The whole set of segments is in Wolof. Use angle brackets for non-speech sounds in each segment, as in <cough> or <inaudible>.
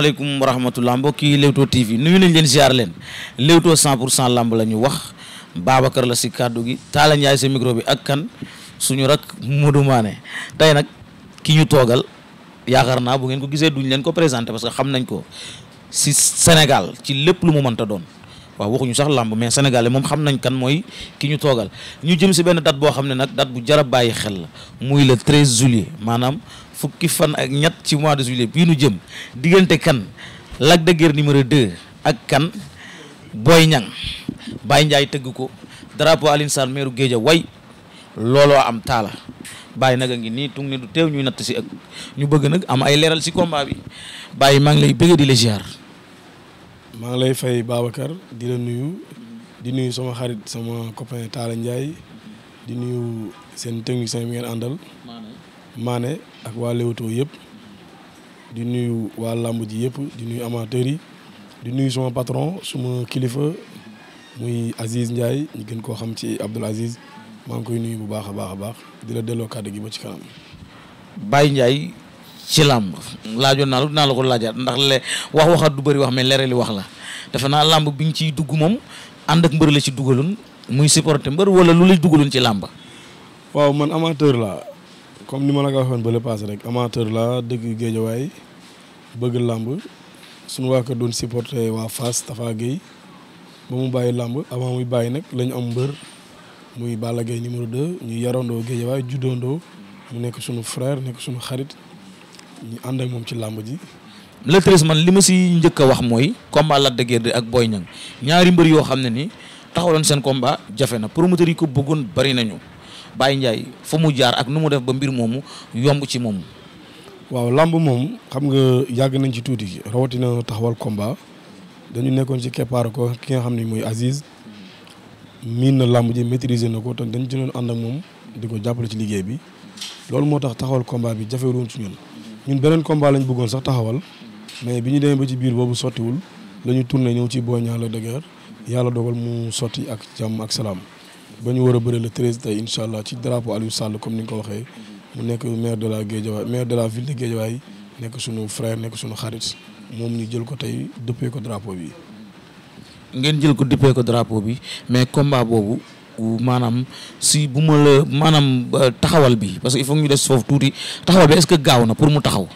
asalaamaaleykum wa rahmatullah mbokk yi Leewtoo TV nuyu nañ leen ziar leen Leewtoo 100 pour cent lamb la ñu wax Babacar la si kàddu gi Talla Ndiaye sa micro bi ak kan suñu rak Modou Mané tey nag ki ñu toogal yaakaar naa bu ngeen ko gisee duñ leen ko présenté parce que xam nañ ko si Sénégal ci lépp lu mu mënta doon waaw waxuñu sax lamb mais Sénégal moom xam nañ kan mooy ki ñu toogal ñu jëm si benn dat boo xam ne nag date bu jar a bàyyi xel la muy le 13 juillet maanaam. fukki fan ak ñett ci mois de juillet bii nu jëm diggante kan Lac de numéro 2 ak kan Boy Niang Baye Ndiaye tëgg ko drapeau Alioune Sarr meeru géeja way looloo am taala Baye nag a ngi nii tung ni du teew ñuy natt si ak ñu bëgg nag am ay leeral si combat bi Baye maa lay bëgg di la ziar. maa ngi lay fay Babacar di la nuyu di nuyu sama xarit sama copain Talla Ndiaye di nuyu seen technicien bi ngeen àndal. Mané ak waa Leewtoo yëpp di nuyu waa làmb ji yëpp di nuyu amateurs yi di nuyu suma patron suma kilifa muy Aziz Ndiaye ñu gën koo xam ci Abdoul Aziz maa ngi koy nuyu bu baax a baax a baax di la delloo kàddu gi ba ci kanam. Baye Ndiaye ci làmb laajoon naa la ko laajaat ndax le wax waxaat du bëri wax mais leeral li wax la defe naa làmb bi ñu ciy dugg moom ànd ak mbër la ci dugaloon muy supporter mbër wala lu lay dugaloon ci làmba waaw man amateur laa comme ni ma la ko waxoon ba le passé rek amateur laa dëgg Géejawaay bëgg làmb suñu waa doon supporter waa fas Tafa Gueye ba mu bàyyi làmb avant muy bàyyi nag la am mbër muy Balla Gaye numéro de ñu yarandoo Géejawaay juddoondoo mu nekk suñu frère nekk suñu xarit ñu ànd moom ci làmb ji. le treize man li ma si njëkk a wax mooy combat Lac de Guiers ak Boy Niang ñaari mbër yoo xam ne ni taxawaloon seen combat jafe na promoteurs yi ko bëggoon bari nañu. bàyyi Ndiaye fa mu jaar ak nu mu def ba mbir moomu yomb ci moom. waaw lamb moom xam nga yàgg nañ ci tuuti rawatina taxawal combat dañu nekkoon ci keppaar ko ki nga xam ne mooy Aziz miin na làmb ji maîtriser na ko te dañ ci doon ànd ak moom di ko jàppale ci liggéey bi loolu moo tax taxawal combat bi jafewul woon ci ñun. ñun beneen combat lañ bëggoon sax taxawal mais bi ñu demee ba ci biir boobu sottiwul la ñu tourné ñëw ci Boy Niang Lac yàlla dogal mu sotti ak jàmm ak ba ñu war a bëri le treize tey incha allah ci drapeau Aliou Sall comme ni nga ko waxee mu nekk maire de la Guédiawaye maire de la ville de Guédiawaye nekk suñu frère nekk suñu xarit moom ñu jël ko tey dëppee ko drapeau bi. ngeen jël ko dëppee ko drapeau bi mais combat boobu maanaam si bu ma la maanaam euh, taxawal bi parce que il faut ñu des foofu tuuti taxawal bi est gaaw na pour mu taxaw.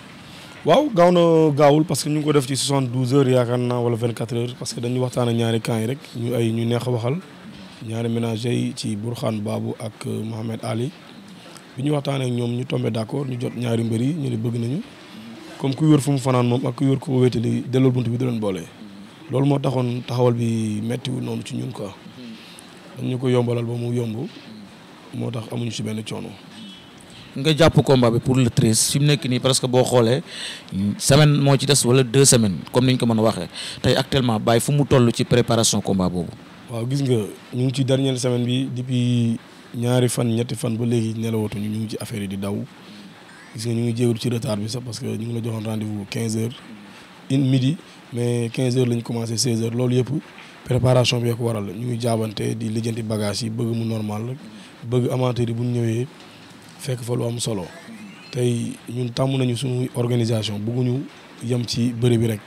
waaw gaaw na gaawul parce ñu ngi ko def ci soixante douze heures naa wala vingt quatre heures parce que dañuy ñaari ménager yi ci Bourkhane baabu ak euh, Mohamed Ali bi ñu waxtaanee ñoom ñu tombé d'accord ñu jot ñaari mbër yi ñu ne bëgg nañu comme ku wër fu mu fanaan moom ak ku wër ku ko wéetali delloo bunt bi du leen boole. loolu moo taxoon taxawal bi méttiwul noonu ci ñun quoi dañ ñu ko yombalal ba mu yomb moo tax amuñu ci benn coono. nga jàpp combat bi pour le treize fi mu nekk nii presque boo xoolee semaine moo ci des wala deux semaine comme ni ñu ko mën a waxee te actuellement bàyyi fu mu toll ci préparation combat boobu. waaw gis nga ñu ngi ci dernière semaine bi depuis ñaari fan ñetti fan ba léegi nelawatuñu ñu ngi ci affaire yi di daw gis nga ñu ngi jéewul ci retard bi sax parce que ñu ngi la joxoon rendez-vous 15 heures une midi mais 15 heures lañ commencé 16 heures loolu yëpp préparation bi ko waral ñu ngi jaabante di lijjanti bagage yi bëgg mu normal bëgg amateur yi bu ñëwee fekk fa lu am solo tey ñun tàmm nañu suñu organisation bëgguñu yem ci bëri bi rek.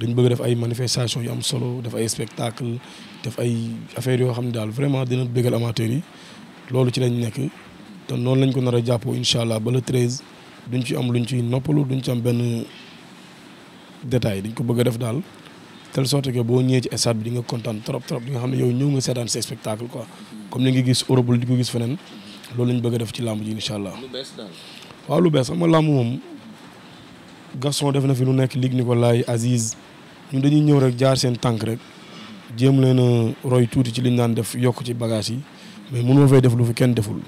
dañ bëgg def ay manifestation yu am solo def ay spectacle def ay affaires yoo xam ne daal vraiment dina bëggal amateurs yi loolu ci lañ nekk te noonu lañ ko nar a jàppoo incha allah ba le treize duñ ci am luñ ci noppalu duñ ci am benn détail dañ ko bëgg def daal telle sorte boo ñëwee ci stade bi di nga kontaan trop trop di nga xam ne yow ñëw nga seetaan say spectacle quoi comme ni nga gis Europe di ko gis feneen loolu lañ bëgg def ci làmb ji incha allah. Gaston def na fi lu nekk Ligue Nicolas Aziz ñun dañuy ñëw rek jaar seen tànk rek jéem leen a roy tuuti ci liñ daan def yokk ci bagage yi mais mënoo fay def lu fi kenn deful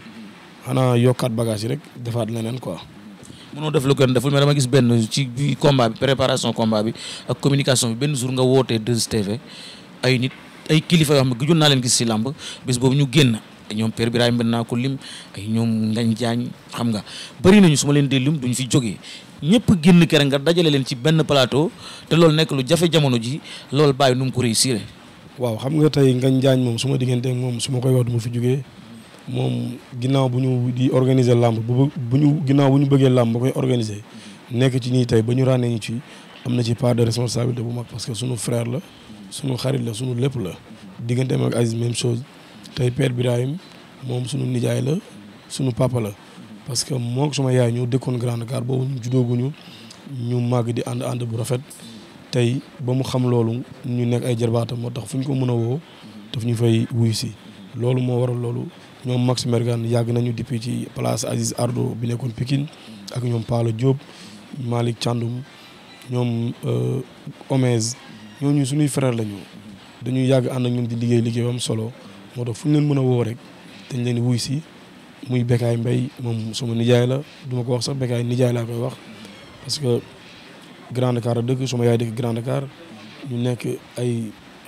xanaa yokkaat bagage yi rek defaat leneen quoi. mënoo def lu kenn deful mais dama gis benn ci bi combat bi préparation combat bi ak communication bi benn jour nga wootee 2STV ay nit ay kilifa yoo xam ne gëjoon naa leen gis si làmb bis boobu ñu génn. ay ñoom Père Birahim mën naa ko lim ay ñoom Ngañ Jaañ xam nga bëri nañu su ma leen dee lim duñ fi jógee ñëpp génn kere nga dajale leen ci benn plateau te loolu nekk lu jafe jamono ji loolu bàyyi nu mu ko réussir. waaw xam nga tey Ngañ Jaañ moom suma ma moom su ma koy wax du ma fi jógee moom ginnaaw bu ñu di organiser làmb bu bu ñu ginnaaw bu ñu bëggee làmb ba koy organiser nekk ci nii tey ba ñu ràññee ñu ci am na ci part de responsabilité bu mag parce que sunu frère la sunu xarit la sunu lépp la digganteem ak même chose. tey Père Birahim moom suñu nijaay la sunu papa la parce que moo suma yaay ñu dëkkoon Grand Dakar boobu ñu juddooguñu ñu màgg di ànd ànd bu rafet tey ba mu xam loolu ñu nekk ay jarbaatam moo tax fu ñu ko mën a woo daf ñu fay wuyu si loolu moo waral loolu ñoom Max Mergan yàgg nañu depuis ci place Aziz Ardo bi nekkoon Pikine ak ñoom Paala Diop Malick Thiandoum ñoom euh, Omez ñooñu suñuy frère lañu dañuy yàgg ànd ak ñoom di liggéey liggéey am solo moo tax fu ñu leen mën a woo rek dañ leen wuy si muy Bécaye mbay moom suma nijaay la duma ko wax sax Bécaye nijaay laa koy wax parce que Grand Dakar a dëkk suma yaay dëkk Grand Dakar ñu nekk ay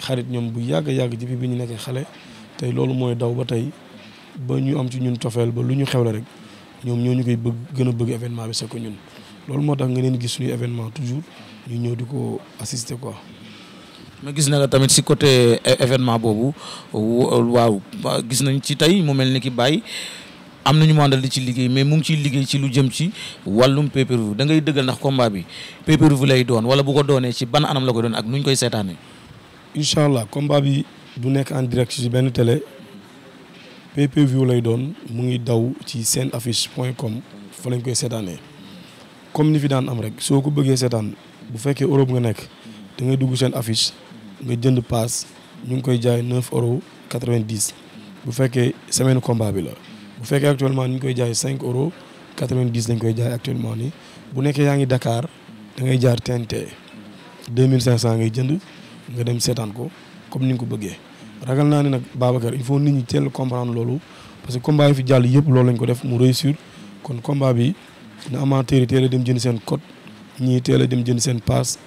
xarit ñoom bu yàgg yàgg depuis bi ñu nekkee xale tey loolu mooy daw ba tey ba ñu am ci ñun tofeel ba lu ñu xew la rek ñoom ñoo ñu koy bëgg gën a bëgg événement bi sax ko ñun loolu moo tax nga neen gis suñuy événement toujours ñu ñëw di ko assister quoi ma gis na nga tamit si côté eh, événement boobu waaw gis nañ ci tey mu mel ni ki Baye am nañu mu àndal di ci liggéey mais mu ngi ciy liggéey ci lu jëm ci wàllum pay per da ngay dëggal ndax combat bi pay-per-view lay doon wala bu ko doonee ci ban anam la ko doon ak ñu koy seetaanee. incha allah combat bi du nekk en direct ci benn télé pay lay doon mu ngi daw ci seen affice point com fa lañ koy seetaanee comme ni fi daan am rek soo ko bëggee seetaan bu fekkee Europe nga nekk da ngay dugg seen affiche. nga jënd paas ñu ngi koy jaay neuf euros quatre-vingt-dix bu fekkee semaine combat bi la bu fekkee actuellement ñu ngi koy jaay cinq euros quatre-vingt-dix lañ koy jaay actuellement nii bu nekkee yaa ngi dakaar da ngay jaar TNT deux mille cinq cent ngay jënd nga dem seetaan ko comme ni ñu ko bëggee ragal naa ne nag Babacar il faut nit ñu teel comprendre loolu parce que combat yi fi jàll yëpp loolu lañ ko def mu réussir kon combat bi na amateur yi teel a dem jënd seen code ñii teel a dem jënd seen paas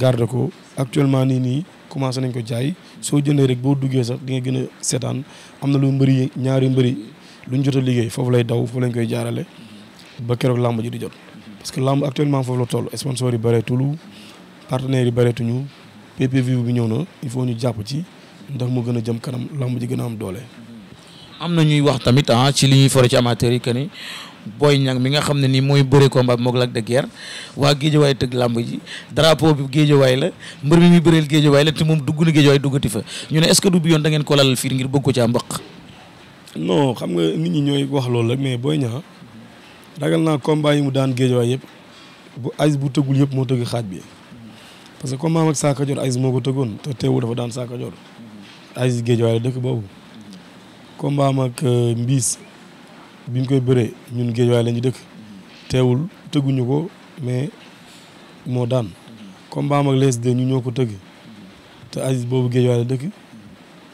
garde ko actuellement nii nii commencé nañ ko jaay soo jëndee rek boo duggee sax di nga gën a seetaan am na lu mbëri ñaari mbëri luñ jot a liggéey foofu lay daw foofu lañ koy jaarale ba keroog làmb ji di jot parce que làmb actuellement foofu la toll sponsor yi bëreetulu partenaires yi bëreetuñu PPV bi ñëw na il faut ñu jàpp ci ndax mu gën a jëm kanam làmb ji gën a am doole. am na ñuy wax tamit ah ci li ñuy fore ci amateurs yi que booy Niang mi nga xam ne nii mooy bëre combat moog Lac de Guiers waa géejawaay tëgg làmb ji drapeau bi géejawaay la mbër mi muy bëreel géejawaay la te moom dugg na géejawaay duggati fa ñu ne est-ce que du bi yoon da ngeen ko lalal fiir ngir bëgg ko caa mbaq xam nga nit ñi ñooy wax loolu rek mais Boy Niang ragal naa combat mu daan géejawaay yëpp bu Aziz bu tëggul yëpp moo tëgg xaaj bi parce que comme maam ak Sakka Dior Aziz moo ko tëggoon te teewu dafa daan Sakka Dior Aziz géejawaay la dëkk boobu combat am ak euh, Mbiis biñ koy bëree ñun géejuwaay la ñu dëkk teewul tëgguñu ko mais moo daan comme am ak les deux ñu ñoo ko tëgg te Aziz boobu géejuwaay la dëkk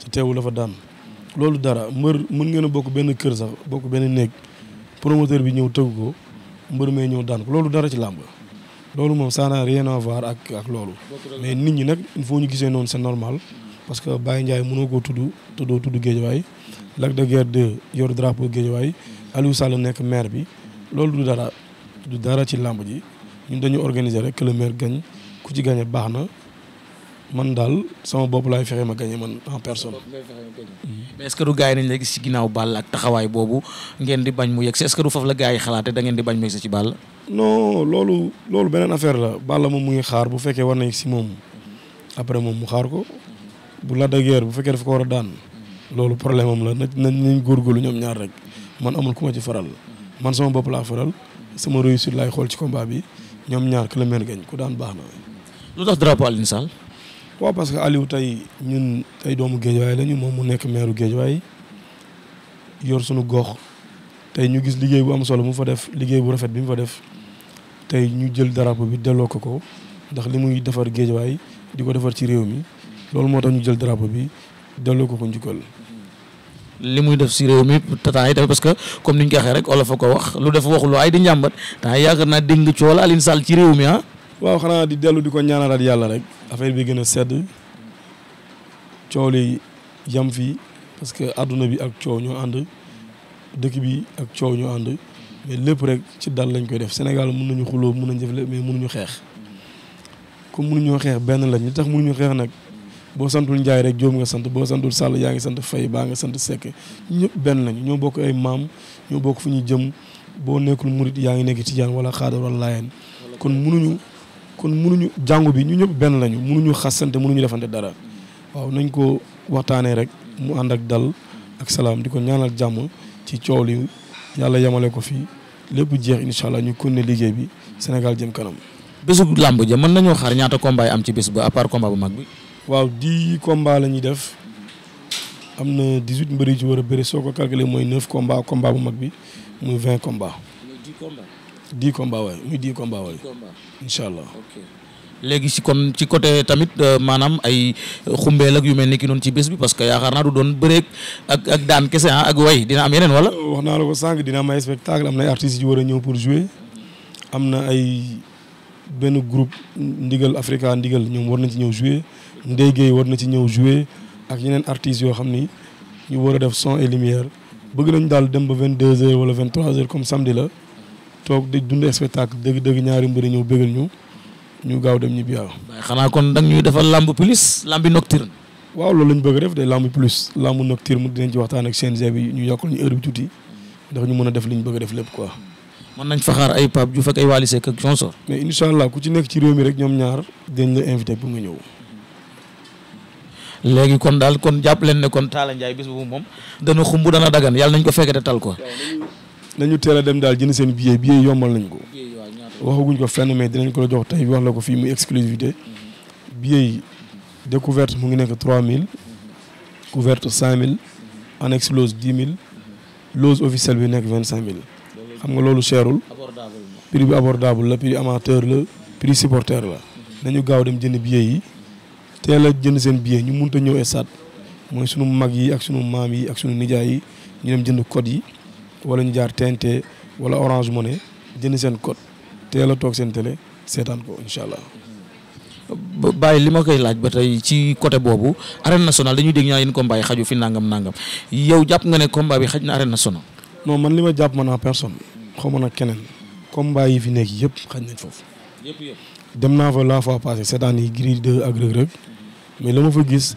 te teewul dafa daan loolu dara mbër mun ngeen bokk benn kër sax bokk benn néeg promoteur bi ñëw tëgg ko mbër may ñëw daan ko loolu dara ci làmb loolu moom ça n'a rien ak ak loolu mais nit ñi nag il faut ñu gisee noonu c'est normal parce que Baye Ndiaye mënoo koo tudd tuddoo tudd Géejawaay Lac de Guiers 2 yor drapeau Géejawaay Aliou Sall nekk maire bi loolu du dara du dara ci làmb ji ñun dañu organiser rek que le ku ci gagne baax na man daal sama bopp laay fexe ma gagne man en personne. mais est-ce yi nañ la gis ci ginnaaw Balla ak taxawaay boobu ngeen di bañ mu yegg si est-ce la gars yi xalaate da ngeen di bañ mu yegg ci Balla. non loolu loolu beneen affaire la Balla moom mu ngi xaar bu fekkee war na yegg si moom après moom mu xaar ko bu la de guerre bu fekkee dafa ko war a daan loolu problème am la nañ nañ góorgóorlu ñoom ñaar rek. man amul ku ma ci faral man sama bopp laa faral sama réussite laay xool ci kombaa bi ñoom ñaar ku la gañ ku daan baax na. lu tax drapeau Alioune Sall. waaw parce que Aliou tey ñun tey doomu géej Géejawaay lañu moom mu nekk meeru waay yor sunu gox tey ñu gis liggéey bu am solo mu fa def liggéey bu rafet bi mu fa def tey ñu jël drapeau bi delloo ko ko ndax li muy defar géej waay di ko defar ci réew mi loolu moo tax ñu jël drapeau bi delloo ko ko njukkal. li muy def si réew mi temps yi tamit parce que comme ni ñu ko waxee rek olof a ko wax lu def waxul ay di njàmbat temps yi yaakaar naa dégg nga coow Alioune Sall ci réew mi ah. waaw xanaa di dellu di ko ñaanalaat yàlla rek affaire bi gën a sedd coow li yam fi parce que adduna bi ak coow ñoo ànd dëkk bi ak coow ñoo ànd mais lépp rek ci dal lañ koy def Sénégal mun nañu xuloo mun nañu def mais munuñu xeex comme munuñoo xeex benn lañ li tax munuñu xeex nag. boo santul Njaay rek jóom nga sant boo santul Sàll yaa ngi sant Fay baa nga sant Seck ñëpp benn lañu ñoo bokk ay maam ñoo bokk fu ñu jëm boo nekkul murit yaa ngi nekk tijaan wala xaadar wala laayeen kon munuñu kon munuñu jàngu bi ñu ñëpp benn lañu munuñu xasante munuñu defante dara waaw nañ ko waxtaanee rek mu ànd ak dal ak salaam di ko ñaanal jàmm ci coow li yàlla yemale ko fii lépp jeex incha allah ñu ne liggéey bi Sénégal jëm kanam. bésu làmb ja mën nañoo xaar ñaata combat am ci bés ba à part combat mag bi. waaw dii combats la ñuy def am na dix huit mbër ci war a bëri soo ko calculé mooy neuf combats combat bu mag bi muy vingt combats. dix combats. dix combats waay muy dix combats waay. incha allah. léegi si kon ci côté tamit euh, maanaam ay xumbeel ak yu mel ni ki noonu ci bés bi parce que yaakaar naa du doon bëreeg ak daan kese ah, ak way dina am yeneen wala. wax naa la ko sànq dina am ay spectacle am na ay artistes yu war a ñëw pour jouer am na ay benn groupe Ndigal Africa Ndigal ñoom war nañ ci ñëw Ndeye Gueye war na ci ñëw jouer ak yeneen artistes yoo xam ni ñu war a def son et lumière bëgg nañ daal dem ba vingt deux heures wala vingt trois heures comme samedi la toog di dund spectacle dëgg-dëgg ñaari mbëri ñëw bëggal ñu ñu gaaw dem ñibbi waaw. xanaa kon da ñuy defal lamb plus lambi nocturne. waaw loolu lañ bëgg def day lamb plus lamb nocturne dinañ ci waxtaan ak CNG bi ñu yokkal ñu heure bi tuuti ndax ñu mën a def li ñu bëgg a def lépp quoi. mën nañ fa xaar ay Pape Diouf ak ay Wally Seck ak ku ci nekk ci réew mi rek ñoom ñaar dañ la invité bu nga ñëw. léegi kon daal kon jàpp leen ne kon Talla Ndiaye bis bu moom dana xumb dana dagan yàlla nañ ko fekk te tal ko. nañu teel a dem daal jënd seen billet billet yombal nañ ko. waxaguñ ko fenn dinañ ko la jox tey wax la ko fii mu exclusivité billet yi découverte mu ngi nekk 3000. couverte 5000. en explose 10 000. loge officielle bi nekk cinq 25000. xam nga loolu cherul. prix bi abordable la prix amateur la prix supporter la. nañu gaaw dem jënd billet yi. teel jënd seen billet ñu mënut a ñëw stade mooy suñu mag yi ak suñu maam yi ak suñu nijaay yi ñu dem jënd code yi wala ñu jaar TNT wala Orange Money jënd seen code teel a toog seen télé seetaan ko incha allah. Baye li ma koy laaj ba tey ci côté boobu arène nationale dañuy dégg ñaa yéen combat yi xaju fi nangam nangam yow jàpp nga ne combat bi xaj na arène nationale. non man li ma jàpp man naa personne xaw ma nag keneen combat yi fi nekk yëpp xaj nañ foofu. dem naa fa la fois passée cette année Gris 2 ak Reug Reug mais la ma fa gis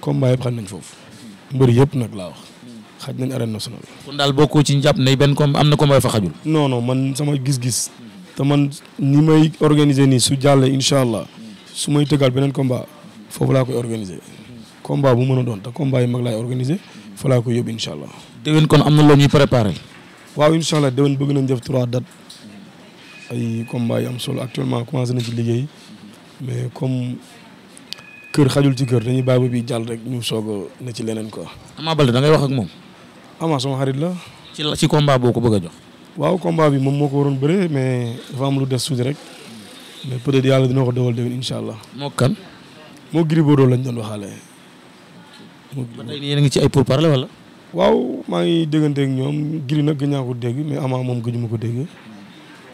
combat yëpp xam nañ foofu mbër yëpp nag laa wax xaj nañ arène nationale. kon daal bokkoo ci jàpp ne benn combat am na combat fa xajul. non non man sama gis-gis. te man ni may organiser nii su jàllee incha allah su may tëggaat beneen combat foofu laa koy organiser. combat bu mën a doon te combat yi mag laay organiser fa laa koy yóbbu incha allah. déwén kon am na loo ñuy préparé. waaw incha allah déwén bëgg nañ def trois dates. ay combat yu am solo actuellement commencé nañ ci liggéey mais comme kër xajul ci kër dañuy bàyyi ba bii jàll rek ñu soog a ne ci leneen quoi. Ama Baldé da wax ak moom. Ama sama xarit la. ci la ci boo ko bëgg a jox. waaw combat bi moom moo ko waroon bëree mais dafa am lu des tuuti rek mais peut-être yàlla dina ko dogal déwén incha allah. moo kan. moo Gris Bordeaux lañ doon waxaale. ba tey yéen a ngi ci ay pourparlers wala. waaw maa ngi dégganteeg ñoom Gris nag gëj naa ko dégg mais Ama moom gëjuma ko dégg.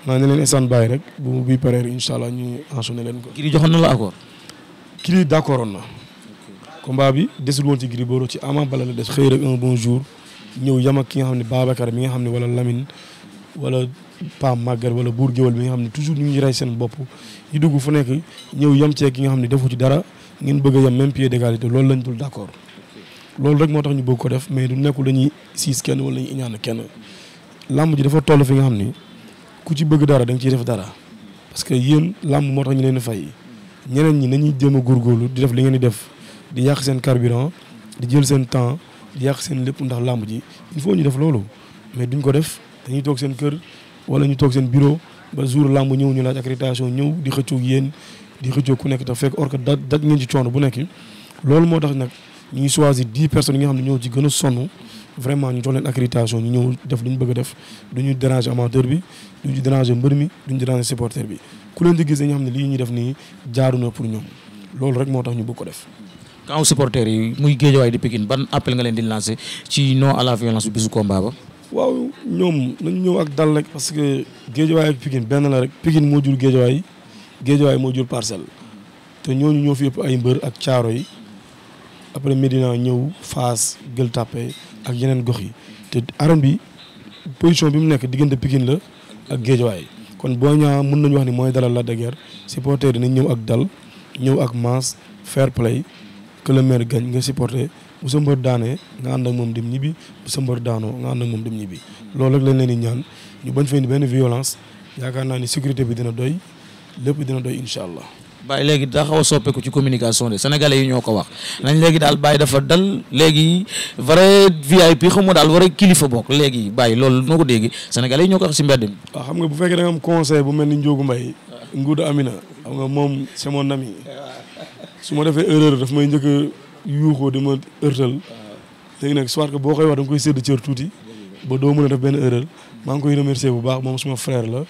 naa ne leen instant bàyyi rek bu mu bii paree incha ñu enchaîné leen ko. Gris joxoon na la accord. Gris d' accord na. combat bi desul woon ci Gris Bordeaux ci Ama Baldé la des xëy rek un bon jour ñëw yam ak ki nga xam ne Babacar mi nga xam ne wala Lamine wala Pam Maguette wala Bour Guéweul mi nga xam ne toujours ñu ngi rey seen bopp ñu dugg fu nekk ñëw yam ek ki nga xam ne defu ci dara ngeen bëgg a yam même pied d'égalité loolu lañ dul d' accord loolu rek moo tax ñu bëgg ko def mais du nekkul dañuy siis kenn wala dañuy iñaan kenn làmb ji dafa toll fi nga xam ni ku ci bëgg dara da nga ciy def dara parce que yéen làmb moo tax ñu leen fay ñeneen ñi nañuy jéem a góorgóorlu di def li ngeen di def di yàq seen carburant di jël seen temps di yàq seen lépp ndax làmb ji il ñu def loolu mais duñ ko def dañuy toog seen kër wala ñu toog seen bureau ba jour làmb ñëw ñu laaj accréditation ñëw di xëccoog yéen di xëccoog ku nekk te fekk or que daj ngeen ci coono bu nekk loolu moo tax nag ñu ngi choisir dix personnes yi xam ne ñoo ci gën a sonn vraiment ñu jox leen accréditation ñu ñëw def lu ñu bëgg a def du ñu déranger amateur bi du déranger mbër mi du ñu déranger supporter bi ku leen di gis dañu xam ne lii ñuy def nii jaaru pour ñoom loolu rek moo tax ñu bëgg ko def. kaw supporter yi muy Guédiawaye di pekin ban appel nga leen di lancer ci non à violence bisu combat ba. waaw ñoom nañu ñëw ak dal rek parce que Guédiawaye ak Pikine benn la rek Pikine moo jur Guédiawaye Guédiawaye moo jur parcelle te ñooñu ñoo fi yëpp ay mbër ak caaro yi après Medina ñëw Fass Gueule ak yeneen gox yi te arène bi position bi mu nekk diggante Pikine la ak géej Guédiawaye kon Boy Niang mën nañu wax ni mooy dalal Lac de Guiers supporter dinañ ñëw ak dal ñëw ak masse fair play que le maire gagne nga supporter bu sa mbër daanee nga ànd ak moom dem ñibbi bu sa mbër daanoo nga ànd ak moom dem ñibbi loolu rek lañ leen di ñaan ñu bañ fay ni benn violence yaakaar naa ni sécurité bi dina doy lépp dina doy incha allah bàyyi léegi daa xaw a soppeeku ci communication de sénégalais yi ñoo ko wax nañ léegi daal bàyyi dafa dal léegi vrai VIP xam nga daal vrai kilifa bokk léegi bàyyi loolu noo ko dégg sénégalais yi ñoo ko wax si mbedd mi. xam nga bu fekkee da nga am bu mel ni Ndiogou Mbaye Ngouda Amina xam nga moom c'est mon ami su ma defee erreur daf may njëkk a yuuxoo di ma ërtal léegi nag soit que boo koy wax da nga koy sédd cër tuuti ba doo mën a def benn erreur maa ngi koy bu baax moom suma frère la.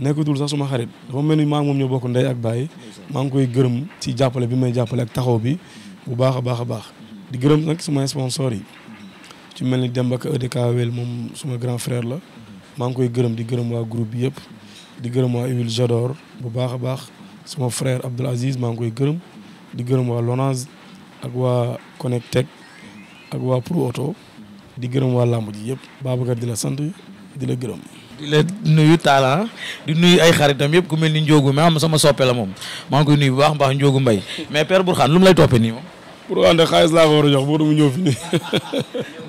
nekkatul sax suma xarit dafa mel ni maa ngi moom ñoo bokk ndey ak baay maa ngi koy gërëm ci jàppale bi may jàppale ak taxaw bi bu baax a baax a baax di gërëm nag suma sponsor yi ci mel ni Demba Ka EDK Wel moom suma grand frère la maa ngi koy gërëm di gërëm waa groupe bi yëpp di gërëm waa Huile Jador bu baax a baax suma frère Abdoul Aziz maa ngi koy gërëm di gërëm waa Lonase ak waa Connectec ak waa Pro Auto di gërëm waa làmb ji yëpp Babacar di la sant di la gërëm di la nuyu Talla di nuy ay xaritam yëpp ku mel ni Ndiogu ma am sama soppee la moom maa ngi koy nuyu bu baax mbaax Ndiogu Mbaye mais Père Bourkhane lu mu lay toppee nii moom. pour ànd xaalis laa ko war a jox boo mu ñëw fi nii. <laughs>